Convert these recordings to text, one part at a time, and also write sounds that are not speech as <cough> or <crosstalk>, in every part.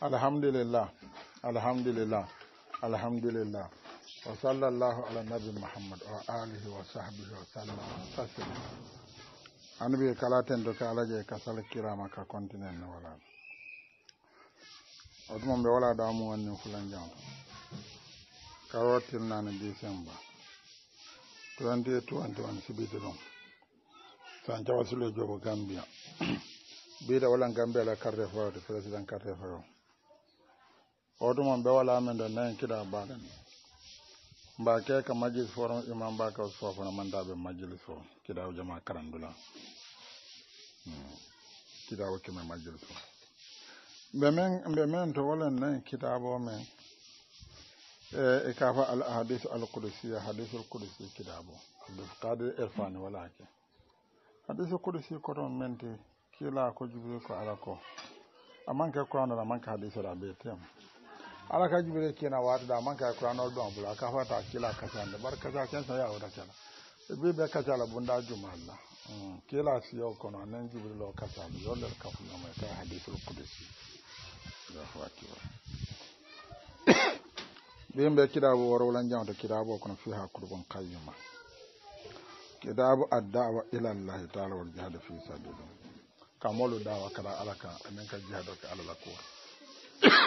alhamdulillah alhamdulillah alhamdulillah wa sallallahu ala nabi mouhammad wa alihi wa sahbihi wa sallam tasima anbi kala tento ka alaje kasal kirama ka continuel ne walaɗo o tuma ɓe wala ɗo amu wonni fulan jamto karotirnani décembre 2021 sibiti ɗum sancawa sule jobo gambia ɓiɗa wala gambia la carte fowde président carte fowo hotuman ɓe wala min ɗon nayin kiɗa baka ni mba ke ka majlis fo ɗon iman baka so fona mandaɓe majlis fo kiɗawo jama karandula hmm. kiɗawo kime majlis fo ɓe men ɓe men to wolen nayin kiɗabo men e, e kafa al hadis al qudusia hadis al qudusi kiɗabo hadis kadi erfani wala ke hadis al qudusi koton menti kila ko jibril ko ala ko amanke ko anana manke hadis ɗa ɓe tem ala ka na wata daman ka yi kura na ɗan bula aka fata kila kasande bar kasa ken sa yawo mm, da kala bi be kasa la bunda jumala kila siyo kono anen jibril o kasa mi yollel kafuyoma ka hadisul kudusi allahu akbar ɗin ɓe kitabu worowlan jamta kitabu o kono fi hakkuɗugon kayyuma kitabu addawa ilallahi taala wal jihada fi sabilillah kamolu dawa kala ala ka anen ka jihada ka ala la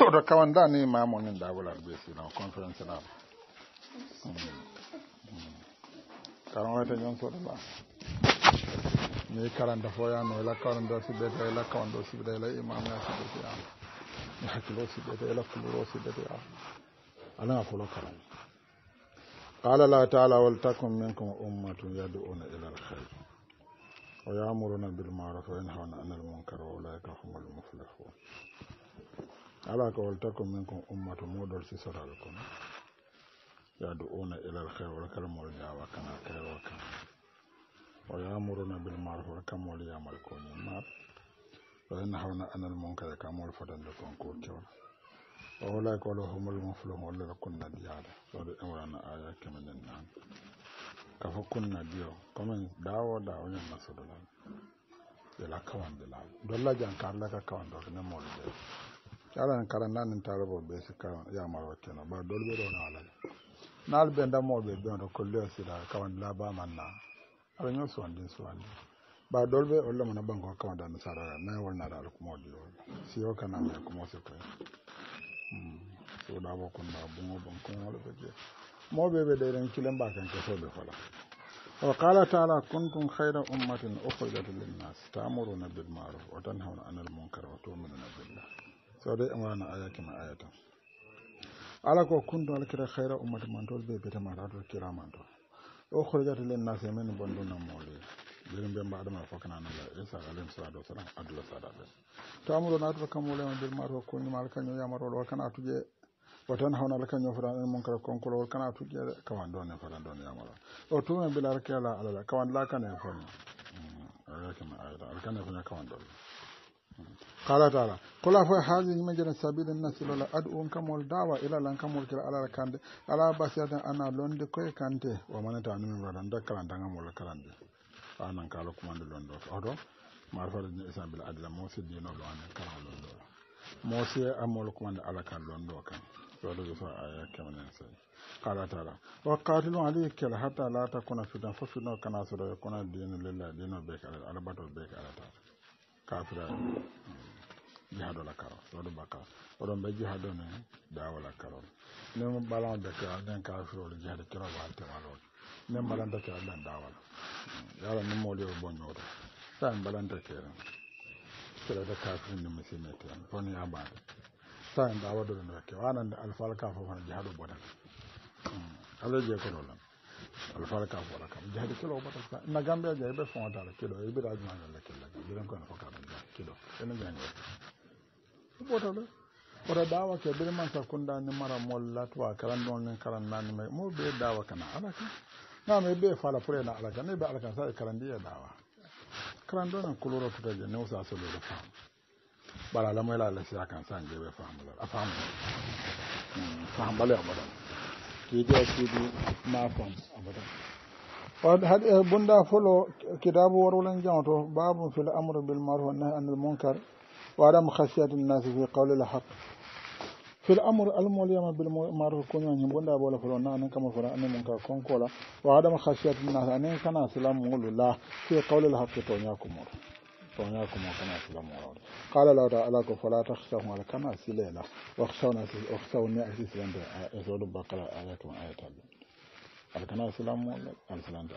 oto ni mamo ni si ta la si imam ya si قال الله تعالى ولتكن منكم أمة يدعون إلى الخير ويأمرون بالمعروف وينهون عن المنكر وأولئك هم المفلحون ala ka wal takum minkum ummatu modol si soral kono yadu'una ilal hayr wal kalamol jawa kana kaywa kana o yamuruna bil maruf wal kamol yamal koñi mar wa yanhauna anal munkare kamol fotande kon ko kewla o wala ko lo humul muflihun walla la kunna diyaade sode imrana aya kemenen nan ka fa kunna diyo commen dawo dawo ñamma sodolal ila kawande laal dolla jan karla ka kawando ne mol de ba alan karannanin tarabo ɓe sikka yamaro keno ɓa dolɓe ɗo no alaji naal ɓe dammoɓe ɓen to kolleo sila kawan ma na aɗa ñoo suwandin suwandi ɓa dolɓe olla mo naɓɓan ko kawan dani sarara nayi wonnaɗa alkumodi o siyo kanami alkumo sikka suuɗabo hmm. kunda bugo bon komoɗo ɓe jee moɓe ɓe ɗeɗen kilen mba ken kesoɓe fola wa qala taala kuntum hayra ummatin ukhrijat linnas ta'muruna bilmaruf wa tanhawna anil munkar wa na billah sawde en wano ayake ma ayata ala ko khaira ummat man ummati be beta mara matato kira man mantol o horjata len nasi men bondunan mawli ɓeɗum ɓe na la isa alim alayhi salatu wasalam adula be to amuro na to kam mole amuɗo natuto mal birmato koñuma alkaño do kana tuje watan hawna alkaño fotan en mon kara munkara konkolowol kana tuje ka kawan ɗon e fotan ɗon yamaro o to bilar kala ala tume bila arkela alala kawan lakane foni ayakima ayata alkane ka wan ɗolle قال تعالى قل أفو هذه مجرى سبيل الناس لولا أدعون كمول دعوة إلى لن كمول كلا على كاند على بسيطة أنا لوند كوي كانت ومن تعني من بردان دا كلان دا مول كلان دي أنا نكالو كمان لوند أدو معرفة الإنسان بالعدل موسى دينو لوند كلان لوند موسى أمول كمان على كان لوند كان ولو يسوى آية كمان ينسي قال تعالى وقاتلوا عليه كلا حتى لا تكون فتنة ففتنة كنا سورة يكون الدين لله دين بيك على الأربعة بيك على تعالى kafira mm, jihado la karo oɗo bakka oɗon ɓe jihado ne dawola karol nden mbalan deke nden kafirol jihade kiroɓe haltemalol nden mbalanta kera nden la yala min mawɗi o bonñoto sa mbalanta kera kerata kafir ndi misimeten fon yabade sa en dawadoɗo nde wakke wanande ala ka fof hono jihado botan ala la koɗolam ala ka fora kam jihade kilo botan na gambia je ɓe fondala kilo e ɓirajumañolle kelle kam jiren kono fo kilo ene gani ɓotole oto dawa ke birman sakunda ni mara molla tuwa karan ɗon karan na ni mai mu ɓe dawa kana alaka Na mai ɓe fara fure na alaka ne be alaka sa e karan diya dawa karan ɗo nen kuloro futaje ni usa solore faam bara la moyla la sira kan san jeɓe faamulor a faamu hmm, abada. abadan kiidi a bi ma faam abada. وهذا بندا فلو كتاب ورولن جانتو باب في الأمر بالمعروف والنهي عن المنكر وعدم خشية الناس في قول الحق في الأمر المليم بالمعروف كن يعني بندا بولا فلو نعنى كما فرى أن المنكر كون كولا وعدم خشية الناس أن كان سلام مولو لا في قول الحق تونياكم مولو تونياكم وكنا سلام مولو قال لو تعالك فلا تخشوهم على كما سليلا واخشونا سلام مولو أخشونا سلام مولو أخشونا سلام مولو أخشونا سلام مولو على كان فلان على فلان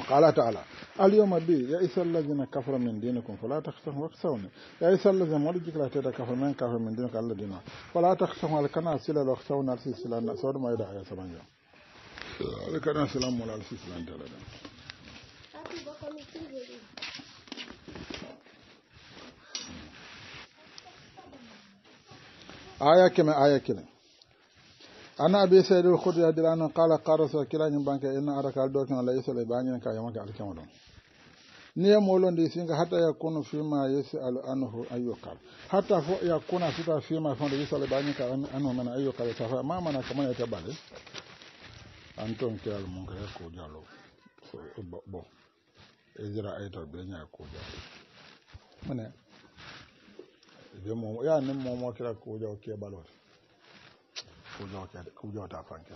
وقال تعالى اليوم بي يا يئس الذين كفروا من دينكم فلا تخشوا واخشوني يا يئس الذين مرجك لا تدا كفر من كفر من دينك الله دينا فلا تخشوا على كان سلا لو خشونا سلا صور ما يدعي سبحان الله كان سلام ولا سلا دار آية كما آية كما ana abi sayyid al khudri radhiyallahu anhu qala qala rasul kila nyum banke inna araka al dorkan la yusala ka yamaka al kamadon niye molondi singa hatta yakunu fima yasalu anhu ayyukal hatta fo yakuna sita fima fondo yusala banyen ka anhu mana ayyukal tafa mama na kamana ta anton kyal ko jalo bo ayta be nya ko jalo mo ya mo mo kira ko jalo ke kujota fanke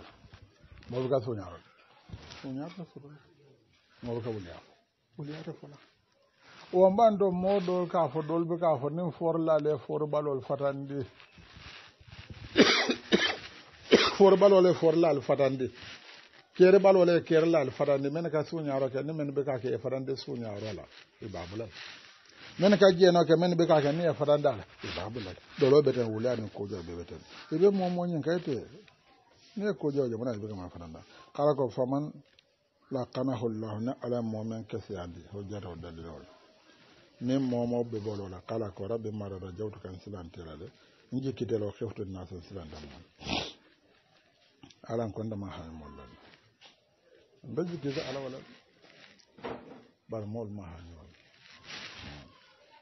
mobuka soñaro soñarta soro mobuka wuliyako wuliyata fona won ɓan ɗo moɗol ka fo dolɓe ka fo nin forlale forɓalol fatandi forɓalole forlal fatandi kere ɓalole kerelal fatandi men ka suñaro ke ni men ɓe ka ke e fatandi suñaro la e babulal men ka jiya na ka men be ka ka miya faranda la e ba bula do lo beten wula ni ko jo be beten e be mo mo nyin ka te ne ko jo jo be ka ma faranda kala ko faman la ala momen kesiyandi ho jata o dalilol min momo be kala ko rabbi kan de ala wala bar mol ma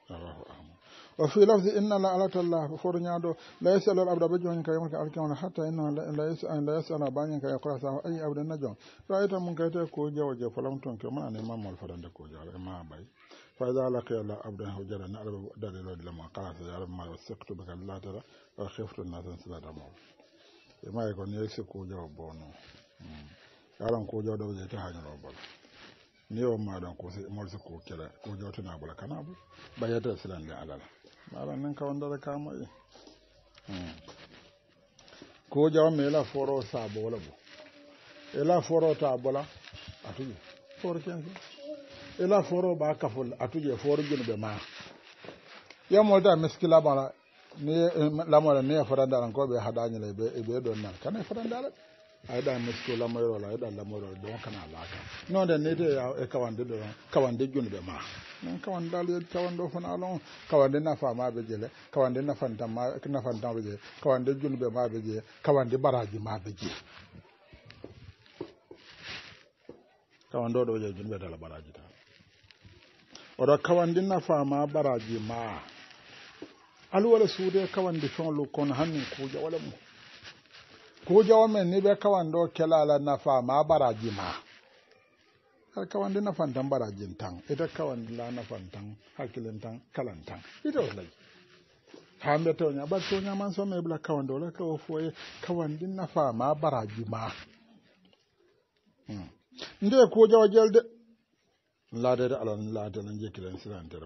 waa waɗo amul wa fi laf si in na la alatala fo ni a la yase la abudal bai jo ni kai maka kai alkema hata ina la yase la bani kai kula sama a yi abu dana juma da ita mun kai te ku jawo je fulam kai mun a nemi ma mawal faranta ku jawo ima a bayi. faiz ala na kalli ko daliloli la mu kalasa ya da mu mayi ba bai ka lalata da ba kiftuna suna da ma ma. ima ta hanyar a ni o maɗon kosi mol siko kela ko jawtina bola kana bo ɓayyata silande alal maɗan nan kawndata kamoƴe hmm. ko jawmi ela foro sa bola bo ela foro ta bola atuƴe foro kense ela foro ɓa kafol atuƴe foro junuɓe ma yamolta miski lamola ni lamola eh, ni e fotandala koɓe haɗañele ɓe ɓe ɗon nal kane e fotandala ɓe ayiɗa miskila moyrol ayiɗa lamoyrol ɗon kana alaka noonde ni de e kawande ɗo ɗon kawande junɓe ma min kawandal kawande o funa alon kawande ma nafamaɓe jeele kawande ma, nafantanma nafantanɓe jee kawande junɓe maɓe jee kawande baraji maɓe jee kawande oɗo je junɓe dala baraji ta oɗo kawande nafama baraji ma su suude kawande feŋlu kono hannin kuuja wala mu. kuja men ni be kawando kelala nafa ma baraji ma har barajin tan ita kawande la nafan tan hakilin tan ita wallahi hambe tonya ba tonya man so me bla kawando la ma baraji ma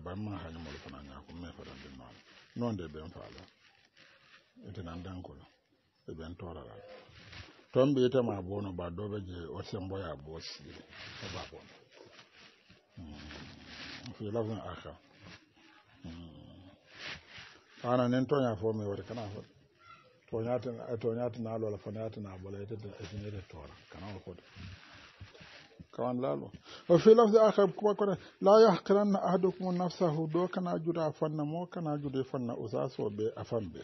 ban ma hanyumol fana nyako me fadan din non non de ben fala ita nan dan e ɓen torara toon mbiyetema bono ba doɓe je o semboya bo siile o ba bono hmm. fi lafin aka hmm. ana nen toña fo mi wori kana fo toñatina e lola fanayatina e e tora kana o kawan lalo o fi kuma kore la yahqiranna nafsahu do kana juda fanna mo kana jude fanna usaso be afambe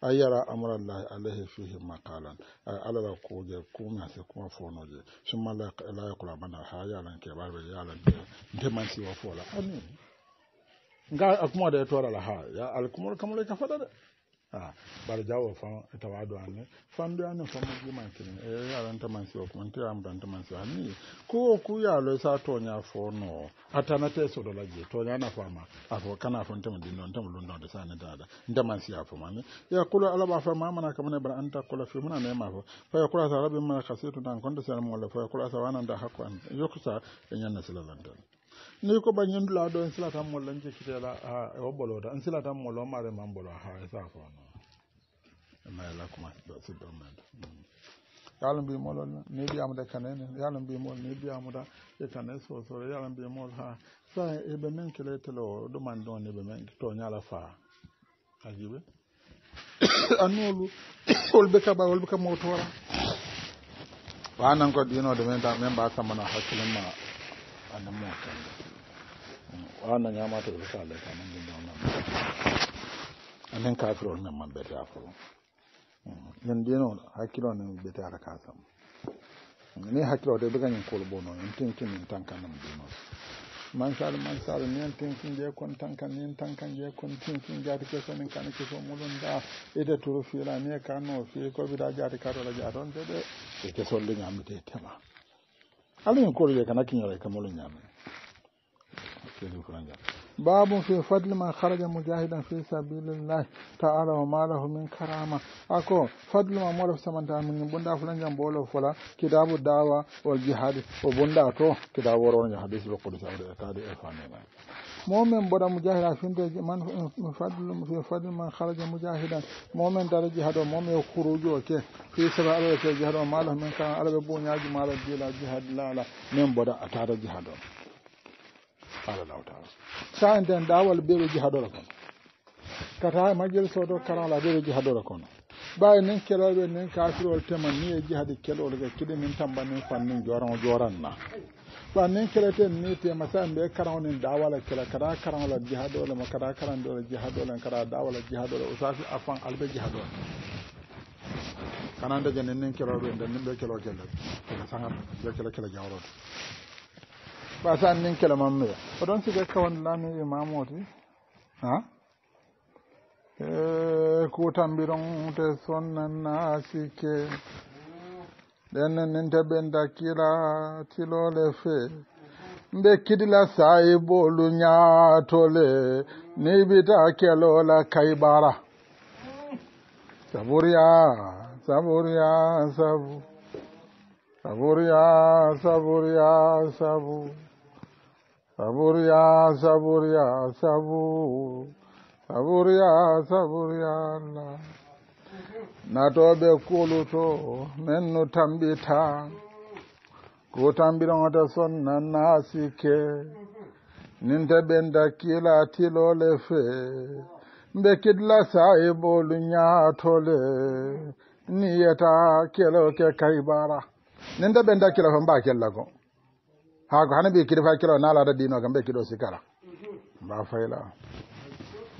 ayyara yara amrallahi alaihi fihi maqalan ay alala kuje kuma se kuma fonoje summa la la yakula bana ha yalan ke barbe yalan de ndemansi wa fola amin ga alkumar da ya tora laha ya alkumar kamar ka fada da a ah, bar jawo fan ta wado an fan do ne fan mu man kin e eh, yaran ta man siwo kuma ta am dan ta man siwo ni ko ku ya lo sa to nya fo no atana te so do la je to nya na fa ma fo kana fo ta din non ta mu londo da sana da da nda man siya fo ma ne ya kula ala ba fa ma mana kamar ne bar an ta kula fi muna ne ma fo fa ya kula sa rabbi ma kasitu dan kon da sa mu wala fa ya kula sa wannan da hakku an yan na silalan ni ko bañin dula ɗo en silatan mollo en cekkitela ha e o ɓolota en silatan mollo maare man ɓolo ha e sa fono e mayla e kuma siɗɗo meɗo mm. yaala mbimolol ni mbiyamuda kanene yaala mbimol ni mbiyamuda e kane sosore yaala mbimol ha sa eɓe men kele tele o ɗuman ɗon eɓe men toñala faa ajiɓe <coughs> annolu holɓe <coughs> kaɓa holɓe ka ka motora wanan ko ɗinode men ta men mba sammana ma. annan mota wannan ya mata da sa alaika mm, nan da wannan annan kafiro nan man bai ta furo nan dino hakilo nan bai ta raka sam ne hakilo da bugan yin kolbono in tinkin in tanka nan dino man sal man sal ne tinkin je kun tanka ne tanka je kun tinkin ga take so min kan ke so mulun da ita turu fila ne kano fi ko bi da jari karo da jaron da da ke so linga mu te tema alin koro je kana kinyo ka mulu nyame kedi kuranja babu fi fadli man kharaja mujahidan fi sabilillah ta'ala wa ma lahu min karama ako fadlu ma molo samanta min bunda fulan jam bolo fola kitabu dawa wal jihad o bunda to kitabu woron hadis al qudsi al kadi al e fani مؤمن بودا مجاهدا فهمت من فضل في فضل من خرج مجاهدا مؤمن دار جهاد مؤمن خروج وك في سبع الله في جهاد ما له من كان على بون ياج ما له جل جهاد لا لا من بودا اتار جهاد على الله تعالى سان دن داول بيو جهاد لكم كتا مجلس ودو كران لا بيو جهاد لكم باي نين كلو نين كافر ولتمني جهاد كلو لك كده من تمبني فنن جوران جوران نا ba nin kelete ni te masa be karan ni dawala kala kada karan la jihado la makada karan do la jihado la kada dawala jihado la usasi afan albe jihado kanan da janin nin kelo be dan nin be kelo kelo kala sanga be kelo kelo jawro ba sa nin kelo mamme o don sibe kawan lani imamoti ha e tambiron te sonnan nasike ɗen min teɓenta kira tilole fe mbe kidila sayi bolu ñaatole ni bita kelola kaybara saburiya saburiya sabu saburiya saburiya sabu saburiya saburiya sabu saburiya saburiya allah natoɓe kuluto men no tambita ko tambiɗonata sonna naasike ninte ɓen dakkila tilole fe mbe kidla sahibolu ñaatole ni yeta keloke kaybara ninte ɓen dakkila ko mba kella ko ha ko hana mbi kiɗi fa kilo naalata dino kam mbe kiɗo sikala mba fayla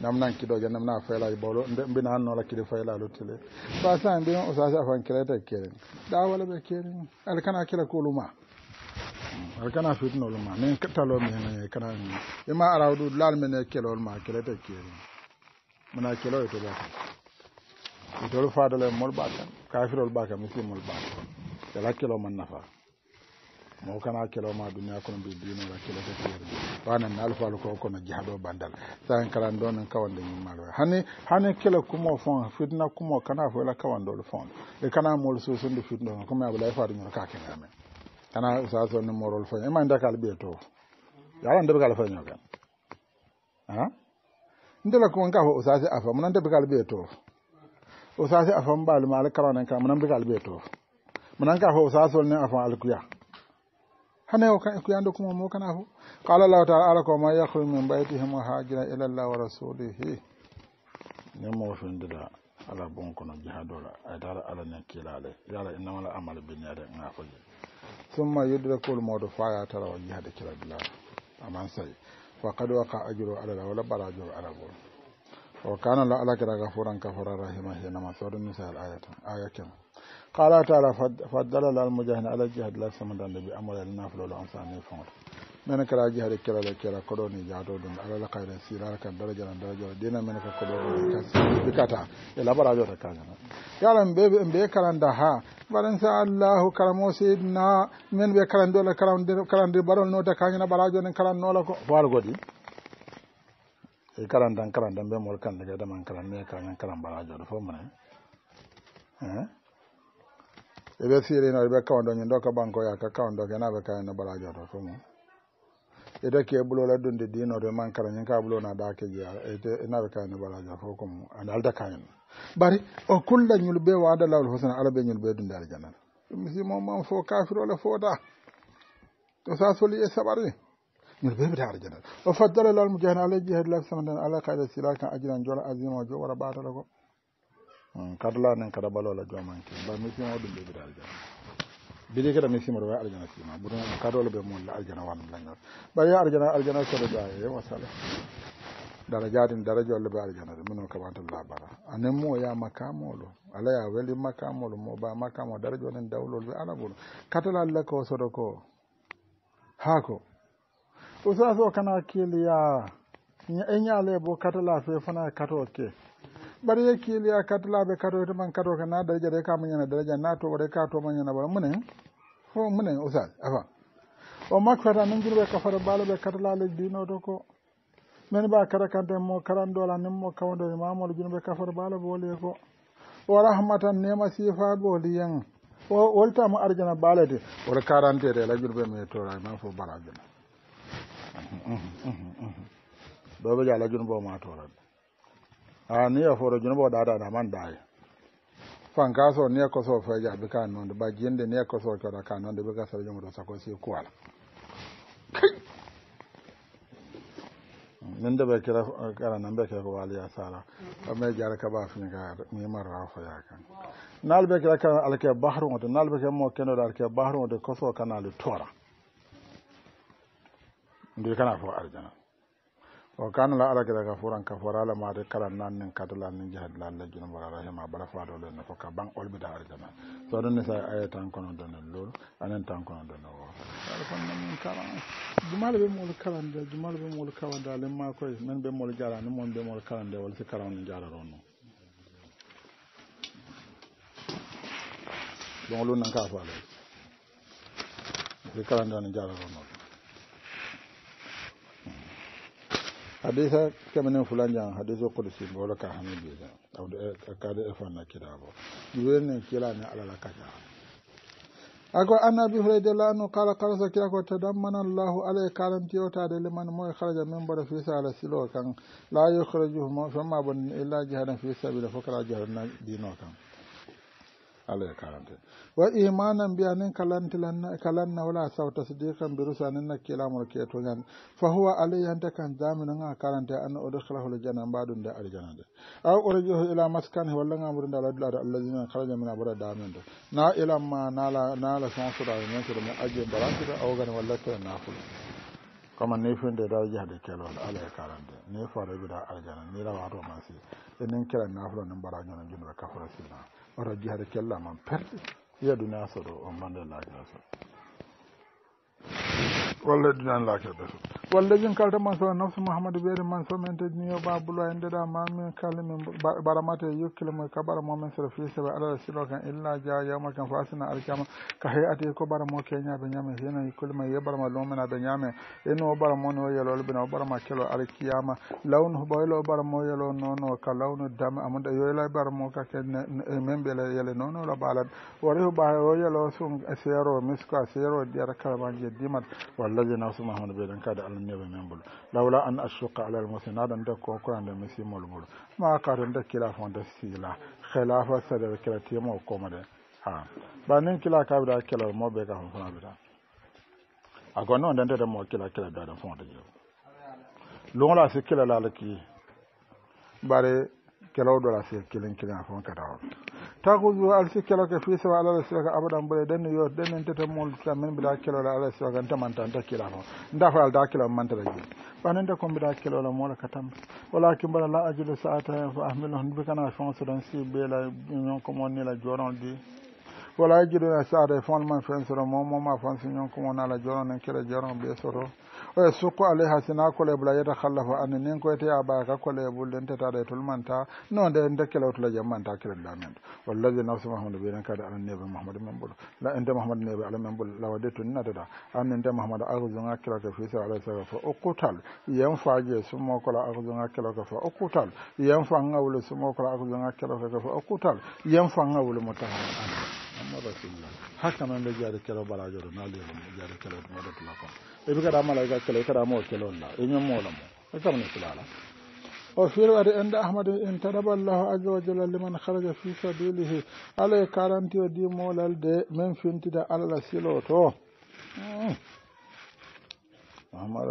Namna namnan kiɗoje namna faylaji na mbina han noola kiɗi faylalu tele ba sa mbin o sasi afan kirayta kerin ɗawala ɓe kerin ala kana kila koluma ala kana fitnolu eh, e ma nin ne mine kana ima arawdu laal mine kelol ma kirayta kerin muna eh, kelo e to ɓa itolu fadala e mol ɓa kam kafirol ɓa kam misimol ɓa kam ela kelo man nafa mo kana kelo ma duniya kono be dino la kelo te kelo wana na alfa ko kono jihado bandal tan karan don nan kawan da yin malwa hani hani kelo kuma fon fitna kuma kana fo la kawan do fon e kana mol so so do fitna kuma ya fa do ka ke ngame kana sa so ni morol fon e man ka kal be to ya ran da kal fo kan ha ndela ko nga fo sa se afa mun da kal be to o sa se afa mbal mal nan kan mun da kal be to mun ka fo sa so ni afa alkuya hane o kan kuyande kuma mo kana fo qala allah taala ala ko ma yakhruj min baytihim wa hajira ila allah wa rasulihi ne mo fendida ala bon kono jihadola ay tara ala ne kilale amal bin nga summa fa ya tara jihad kila billah aman sai qad waqa ajru ala la wala ala wa kana la ala kira kafara ma qala taala faddalala almujahina ala jihad la samudande bi amorel nafulolo an sani fongto mene kala jihade kelale kela koɗoni jaato ɗum alala kayre sirar kan daradiala daradiala dina mene ka koɗoɗoni kasi kata e labarajota kajana yaran ɓe kalanda ha mbaɗan allahu karamo seydna min ɓe kalandola kalandir ɓaɗol nota kañana ɓarajo nen kalannola ko boal godi e karandan karandan ɓe mol kan daga daman kalan ne kañan kalan ɓarajoɗo fof mone ɓe ɓe sirino ɓe kawndo ñin e ɗo ka banko yaka kawndo ke naɓe kayino balajoto fo mum ete ke ɓulola dunde dinoto man kara ñin ka ɓulona ɗake jeya naɓe e e kayino balajo fo ko mum a dalda kayin bari o kulla ñul ɓe wada lawol hosana ala ɓe ñul ɓe dunde aljanan musimo man fo kafirole fooda o sa soli e saɓari ñul ɓe ɓeta aljanan o faddala lawol mujahin ala jihadi lah samadan ala kayda silakan ajinan jola azimajo wara ɓatala ko Mm, kadla nin kada balo la ke ba mi dum be bi de kada mi aljana fi ma bu be la aljana la ngar ba ya aljana aljana so da ya be aljana ka la bara anen mo ya makamo lo ala ya weli makamo lo mo ba makamo dawlo be ala bulu la ko so do ko kana kiliya nya enya fe fana kato ke okay. ɓaɗa ye kiilya kati laaɓe kato to man kato ka na daraja re ka muñana daraja na to ɓaɗa ka to muñana ɓala munen fo munen usage afa o makko fata nanjir ɓe kafata ɓaalo ɓe kata laaleji dino to ko min ɓa kata kante mo karandola nin mo kawndo e mamolo junoɓe kafata ɓaalo ɓe woliye ko o rahmatan nema siifa ɓooli yen o woltama arjana ɓaalete oɗa karantede ela junoɓe mi tora man fo baraajuna ɗo ɓe ja ala junoɓe o ma toraɓe a ni ya foro junubo da da man dai fan kaso ne ko so fa ja bi kan non ba jinde ne ko so ko da kan non de bi ka so jumu do sako si ko ala nan da bai mm-hmm. kira kara nan bai kira wali ya sala ba mai jara ka ba fi ga mi marra fa ya kan nal bai kira kan alke bahru wa nal bai kira mo keno da alke bahru wato ko so kana lu tora ndi kana fo arjana o kana la ala kira ka furan ka fara la ma de kalan nan nin kadala nin jihad la la jun bara rahima bara fa do le ko ka ban olbi da arjana so don ne sai ay tan kono don lol anan tan kono don o ala kon nan min kalan jumal be mol kalan da jumal be mol kalan ma koy hadisa kemenen fulanjan hadisa kudusi wadda ka hami biza awdu na e ba kidabo ne nen ne alala kaja ako an abi hurairah anhu kala qala sakira ko tadammana allah alay kalam da liman moy kharaja min da fi sala silo kan la yukhrijuhu ma fama bun illa jihadan fi sabil fakra jahannam dino kan ala ya karanta wa imanan mbiya nin kalanna wala sawta sidikan birusa nin nakkilamol ketoñan fa huwa alay ta kan jaminunga karante an odokilahol jana mbaɗum de aljana de aw orjoho ila maskane da ndala dulade allahina haraja min da amin da na ilamma nala nala sansuɗaɓe men koɗo men ajje mbarantude awgane walla na nafulo kama ni finde da da jihade kelol ala e karande ni fare bida aljana ni rawato masi enin kira nafulo nin mbara ñono junduɓe kafara sinna oto jihata cellaman perɗe hiya duniya soɗo on mande lakira so walla dunan e lakirɗe so wallejin kalta man sowa nafsu mouhamadou ɓeede man so min teddiniyo babulo en ndeɗa ma min kalli min baramata e yokkile mo kabara momin sera fi sebe alala kan illa ja yawma kan fasina alkama ka hey ko mo hena ma eno kelo alkiyama mo yelo nono ka lawnu mo ka yele yelo misko a seero diyata kalaman je dimat wallaji nafsu mahamadou ɓeeden kadi alal ne bai bulu laula an asuka alal musi dan da ko korande mi simol bulu ma katen da kila da sila khilafa sadere kela timo komode ha ba nin kila ka kila mo be ka fon fana bita ako noon den da mo kila kila da da da fonde lon la se kila la ki bare kila do la se kilin kila fon ka da takuzu alsi keloke fi sewa ala la siwaka abadan bure den yo den tete mol samin bida kelo la ala siwaka nta manta nta kila no nda fa da kilo manta da ji banan da kon bida kilo la mola katam walakin bala la ajidu sa'ata fa ahmilu hun bikana fon sudan si be la nyon ko mon ni la joron di wala ajidu sa'ata fon man fen sura mo mo ma fon si nyon ko mon la joron en kele joron be soro fa yasukku alaiha sina kole bula yata khallafu an nin ko ta ba ka kole bulden ta tare manta no da inda kala tula jammanta kira damen wallazi na muhammad bi nan kada an nabi muhammad men bulu la inda muhammad nabi ala men bulu la wadatu na da an inda muhammad arzun kira ka fi sa alaihi fa uqtal yan faje su mo kala arzun akira ka fa uqtal yan fa wulu su mo kala arzun akira ka fa uqtal yan fa ngawul mutahar an amma rasulullah haka man da jari bala barajo na le jari kala da tula ebi kada malaika kele kada mo kele la e nyom mo la mo kam ne kula la o allahu azza wa jalla liman kharaja fi sabilihi karanti di molal de men silo to hmm. muhammad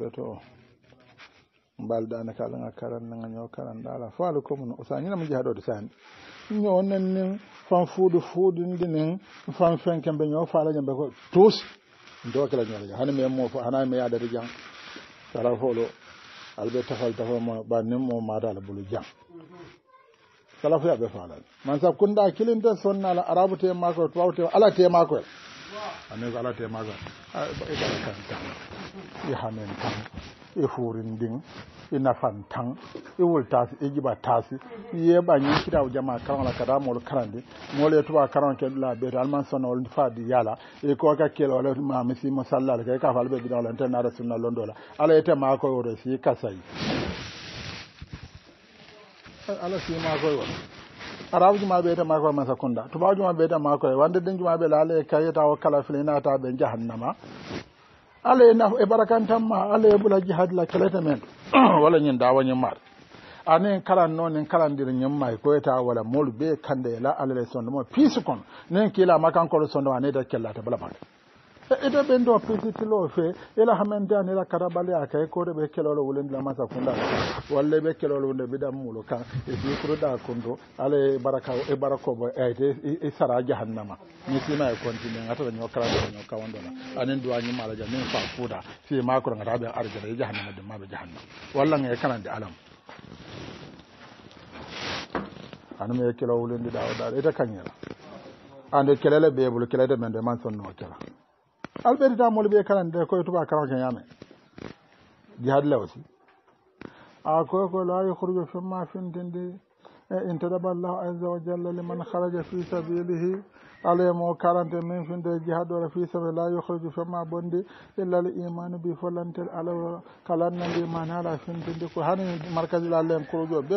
beto kala ala nin fan fan ko tous do la ñalaja hani me mo fo hana me yaadata jang kala folo albe tafal tafa mo ɓannin mo matala bulu jang kala ya be faala man kilin da sonna la arabu te ko tawu te ala te ma anni ko ala te makoye iɓala kan kan yahamen kan e furin din ina fantan e wultasi e jiba tasi ye ba nyi kira jama kan la kada mol karande mol e ba karan ke la be alman sono wol fa di yala e ko ka kelo wala ma misi musalla ka fal be bi dawla tan na sunna londola ala ite ma ko wore si kasai ala si ma ko wore arabu juma be ta mako masa kunda tuba juma be ta mako wanda din juma be lale kayi ta wakala filina ta ben jahannama Allah ya nafi e barakantanma Allah ya bula jihadila kelete men <clears throat> wala da wani mar anin kalan kala dirin nyin mai ko ta wala moolu be kande la ala le kila makan kono nin kiila ne sondema anita ta bala bala. ida ɓen do pisitilo ela ila hamente ani ila karabale aka e kore ɓe kelolo wulendila masa kunda walla ɓe kelolo wunde mbiɗan mulo kan e sikuruɗa kundo ala e baraka e barakobo eyte e sara jahannama mi sima e continue gataɗa ño karaɗa ño kawandola anin ma alaja min fa fuuda si makoro gata ɓe arjata e jahannama dummaɓe jahannama walla ge kanande alam anuma e kelo wulendiɗa o ɗaɗa ita la ande kelele ɓeɓolo kelede men de man sonno kela alɓeyde ta ɓe kalande koye tuba karawke ñaame jihad lawsi a koye ko la yukhruju fimma fintinde e intadaba allahu azza wa jalla liman haraja fi sabilihi alaymo karante min fi la yukhruju fimma bi ala ko len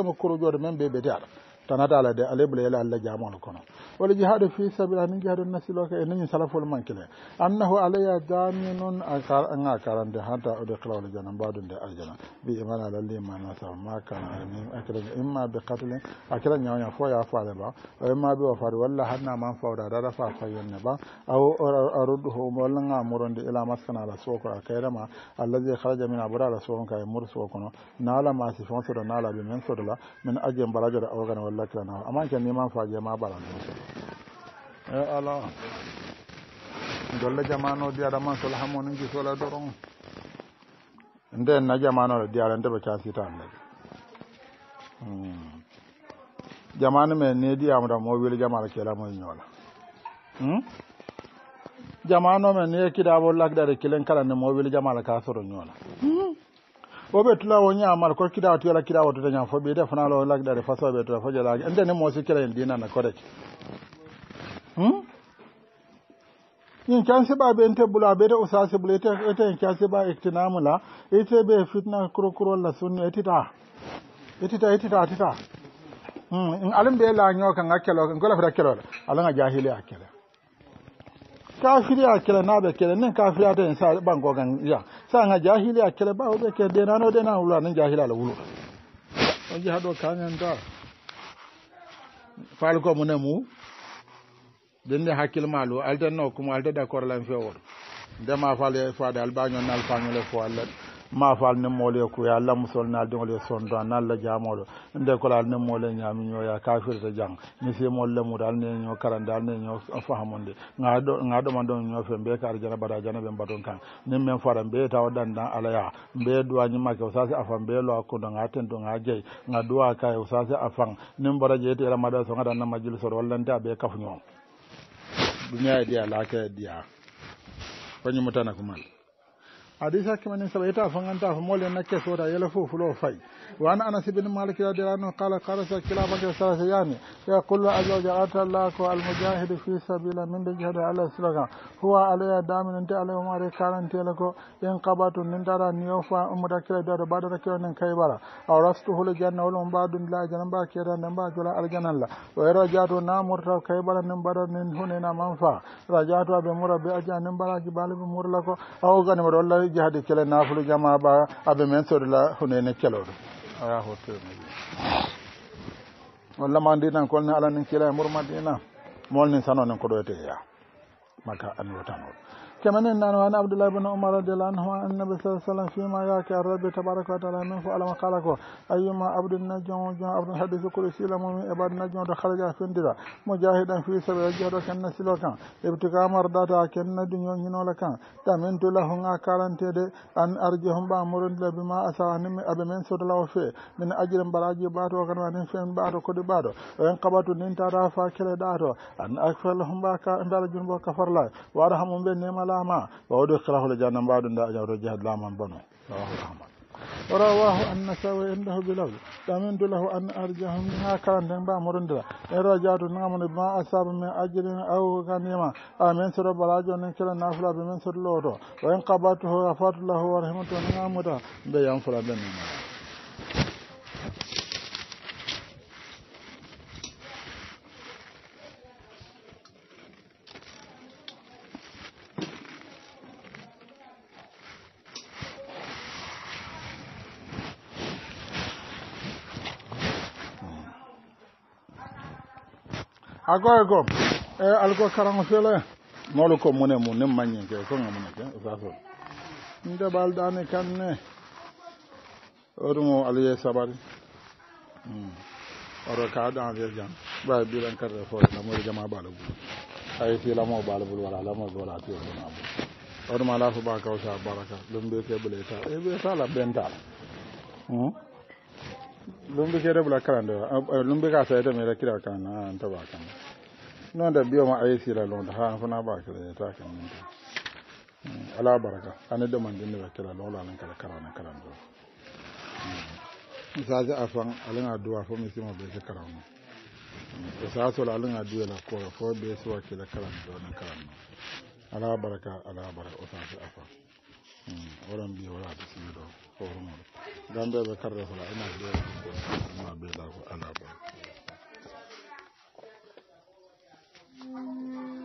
mo men tana da alade ale ya yele ya jamol kono wal jihad fi sabila anin jihadu nasilo ka enen salafol mankile annahu alayya daminun akar akaran da hata da wal janan badun da aljana bi iman ma na sa ma kana min akran imma bi qatl akran fo ya fa ba imma bi wafar walla hanna man fawda da rafa fayyun ba aw arudhu walla nga da ila maskana la soko rama allazi kharaja min abura la soko kai mursu kono nala ma sifon so da nala bi men so da min ajin barajo da awgan lakirana amanke niman fage ma barandoso e ala golle jamano diyara man sol ki sola doron nden na jamano ɗo diyara nde ɓe casitanle jamanu hmm. men ni diyama ɗam o wili jamala kelamo ñoola jamano me ni da abu lakɗare kilen kala ne mo wili jamala ka soro ñoola wo ɓe tula wo ñamal ko kiɗawa tuyala kiɗawa tuta ñam fo ɓiyde fana lo lagɗare faso ɓe tuta fo jalaki ende ni moosi kira en dinana koreke yin hmm? kyan siba be nte bula be da usa sibula ita ita yin kyan siba iktinamula ita be fitna kurukuro la sunna itita itita itita itita hmm, in alim be la nyoka ngakelo kola fira kelo alanga jahili akela kafiri akela na be kele nin kafiri ata sa bango gan ya sanga jahili a akele ba obe ke denano dena ulo anan jahila la on ji hado kanyan da fal ko mun mu dende hakil malu altan no kuma alta da korlan fe wor dama fal fa dal bañon nal fañule fo allah mafal nemmole ko ya allah musol na dogol ye sondo ana allah jamoɗo nde kola al nemmole ñami ño ya kafirta jang misimol lemude al neño karande al neño fahamonde ga ɗoman ɗon ñofe mbe ka arjana mbaɗa jana ɓe mbaɗon kan min min fara mbe tawa ɗanda ala ya mbe duwa ñimake o sasi afan mbe lowa kondo ga tento ga jeeyi ga duwa ka o sasi afan min mbaɗa jeeyi tera maɗa so gaɗanna majjil soɗo wallante a ɓe kafuñoo ɗumya e ɗiya laka e ɗiya fañimo tana ko malle hadisa kama ni sabai ta fanganta fa mole na ke soda yala fu fulo fai wa ana anas ibn malik radhiyallahu anhu qala qala sa kilaba ta sa sa yani ya kulla ajal ja'ata allah ko al mujahid fi sabila min bijhada ala sulaga huwa ala yadamin anta ala ma re karan tela ko in qabatu min dara niofa umra kira da da badara kira nan kai bara aw rastu hul janna wal umbadun la janan ba kira nan ba jula al janan la wa ira jatu na murta kai bara nan bara nan hunena manfa rajatu abe murabbi ajan nan bara ki balu murla ay jihadi kele nafulu jama ba abe men la sodola hunene keloɗo aya wala man dina kol kolni ala nin kila e sanon ko do te ya maka an wotano كمان إن أنا عن عبد الله بن عمر رضي الله عنه أن النبي صلى الله عليه وسلم فيما ياك الرب تبارك وتعالى من فعل ما قالك أيما عبد النجم جاء عبد الحديث كل سيلة من عباد النجم دخل في اندرا مجاهدا في سبيل جهد كان سلوكا ابتغاء مرضاتا كان دنيا ينولك تمنت لهم أكارن تدي أن أرجهم بأمر بما أسانم أبمن سر الله في من أجر براجي باتو وكان وانين فين باتو كد باتو وإن قبطوا نين تعرفا كلا داتو أن أكفر لهم باكا إن دار جنبو كفر لا وارحمهم بنعم الله lama wawaɗo kirahula jana mbaɗo nda jawto jihad laman bono rawahu ahmad ورواه النسائي عنده بلفظ تمنت له أن أرجع منها كان دم مرندرا إن رجعت ما أصاب من أجر أو غنيما أمن سر بلاجو كلا نافلا بمن سر لوتو وإن قبضته غفرت له ورحمته نعمته بيان فلا بنيمة agoye gom e eh, algo karaŋo fele nolu ko mune mu nin ne ka danfie jan ɓawi ɓiran karre fore lamori jama ɓaalo bulu ayi si e lumbe ke rebula karande eh, lumbi ka sai sayta mera kira na an taba kan non da biyo ma ayi sira da ha an fana hmm, ba kira ta kan min ala baraka an da man din da kira lola nan kala karana za misali afan alin addu'a fa mi sima bai kira mu to sa so alin addu'a na ko fo bai so da kila karando nan karano ala baraka ala baraka o sa afan wannan hmm, biyo ra da siro hoore mooɗo gambeɓe karde fola ina ma biɗako alaba Thank you.